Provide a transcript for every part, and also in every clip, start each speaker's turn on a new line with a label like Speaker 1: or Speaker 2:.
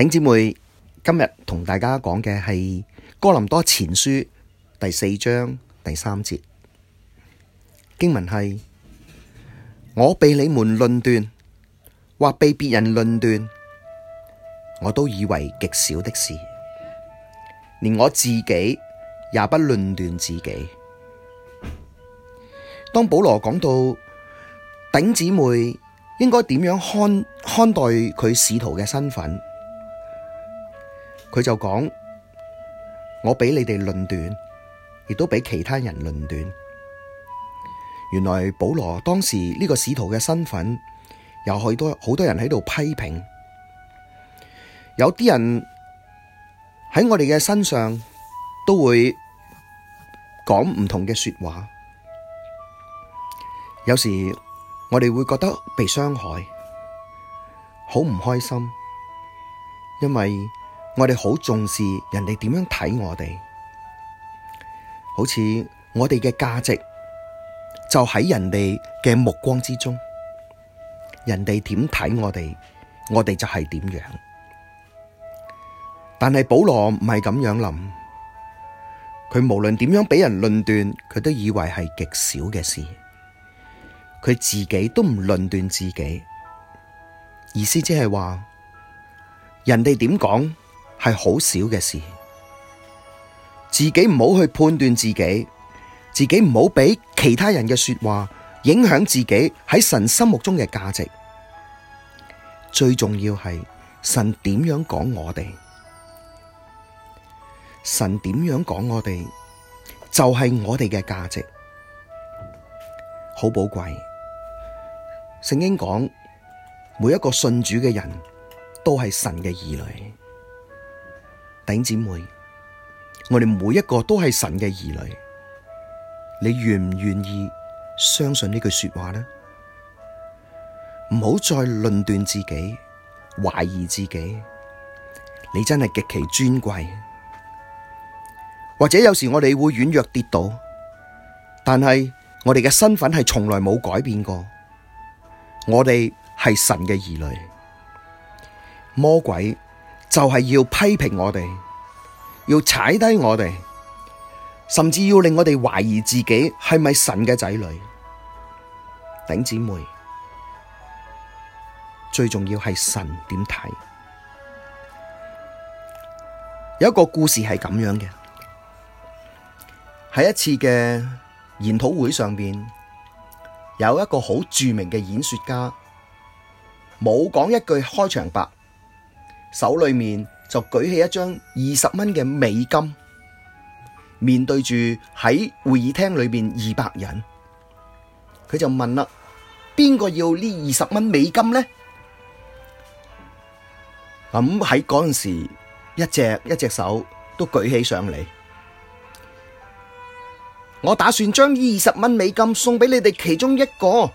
Speaker 1: 頂姐妹今日同大家講嘅係《哥林多前書》第四章第三節。經文係：我被你們論斷或被別人論斷，我都以為極小的事，連我自己也不論斷自己。當保羅講到頂姐妹應該點樣看看待佢使徒嘅身份？佢就講：我畀你哋論斷，亦都畀其他人論斷。原來保羅當時呢個使徒嘅身份，有好多好多人喺度批評。有啲人喺我哋嘅身上都會講唔同嘅說話。有時我哋會覺得被傷害，好唔開心，因為。我哋好重視人哋點樣睇我哋，好似我哋嘅價值就喺人哋嘅目光之中，人哋點睇我哋，我哋就係點樣。但係保羅唔係咁樣諗，佢無論點樣畀人論斷，佢都以為係極小嘅事，佢自己都唔論斷自己，意思即係話人哋點講。係好少嘅事，自己唔好去判斷自己，自己唔好俾其他人嘅說話影響自己喺神心目中嘅價值。最重要係神點樣講我哋，神點樣講我哋，就係我哋嘅價值，好寶貴。聖經講每一個信主嘅人都係神嘅兒女。弟兄姊妹，我哋每一個都係神嘅兒女，你願唔願意相信呢句說話呢？唔好再論斷自己、懷疑自己，你真係極其尊貴。或者有時我哋會軟弱跌倒，但係我哋嘅身份係從來冇改變過，我哋係神嘅兒女，魔鬼，就係要批評我哋，要踩低我哋，甚至要令我哋懷疑自己係咪神嘅仔女。頂姊妹，最重要係神點睇？有一個故事係咁樣嘅，喺一次嘅研討會上邊，有一個好著名嘅演說家，冇講一句開場白。手裏面就舉起一張二十蚊嘅美金，面對住喺會議廳裏面二百人，佢就問啦：邊個要呢二十蚊美金呢？咁喺嗰陣時，一隻一隻手都舉起上嚟。我打算將二十蚊美金送俾你哋其中一個，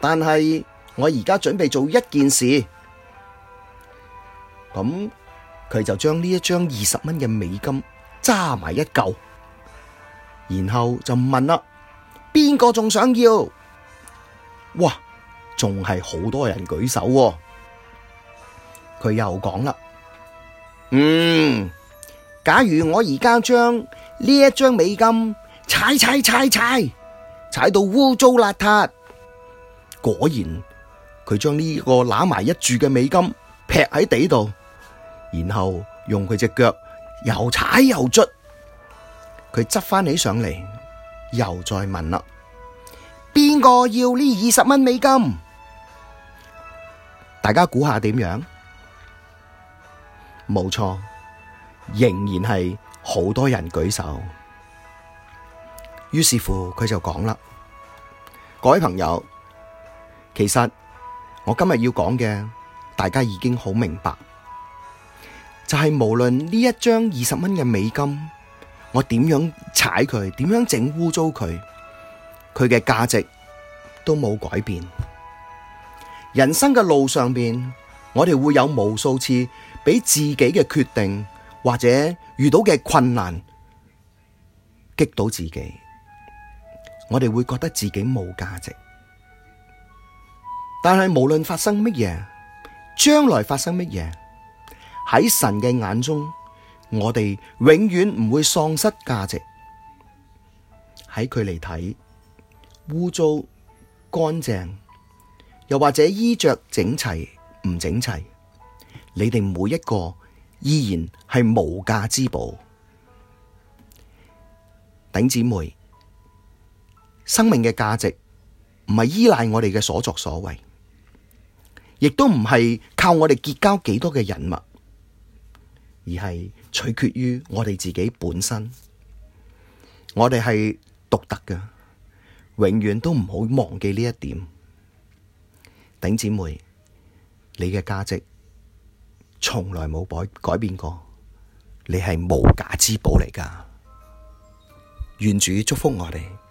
Speaker 1: 但係我而家準備做一件事。咁佢就將呢一張二十蚊嘅美金揸埋一嚿，然後就問啦：邊個仲想要？哇，仲係好多人舉手啊。佢又講啦：嗯，假如我而家將呢一張美金踩踩踩踩踩、踩、踩到污糟邋遢，果然佢將呢個攬埋一嚿嘅美金劈喺地度。然後用佢隻腳又踩又捽，佢執返起上嚟，又再問啦：邊個要呢二十蚊美金？大家估下點樣？冇錯，仍然係好多人舉手。於是乎，佢就講啦：各位朋友，其實我今日要講嘅，大家已經好明白。但係無論呢一張二十蚊嘅美金，我點樣踩佢，點樣整污糟佢，佢嘅價值都冇改變。人生嘅路上邊，我哋會有無數次俾自己嘅決定或者遇到嘅困難擊倒自己，我哋會覺得自己冇價值。但係無論發生乜嘢，將來發生乜嘢。喺神嘅眼中，我哋永遠唔會喪失價值。喺佢嚟睇，污糟、乾淨，又或者衣着整齊唔整齊，你哋每一個依然係無價之寶。頂姊妹，生命嘅價值唔係依賴我哋嘅所作所為，亦都唔係靠我哋結交幾多嘅人物。而係取決於我哋自己本身，我哋係獨特嘅，永遠都唔好忘記呢一點。頂姊妹，你嘅價值從來冇改改變過，你係無價之寶嚟噶。願主祝福我哋。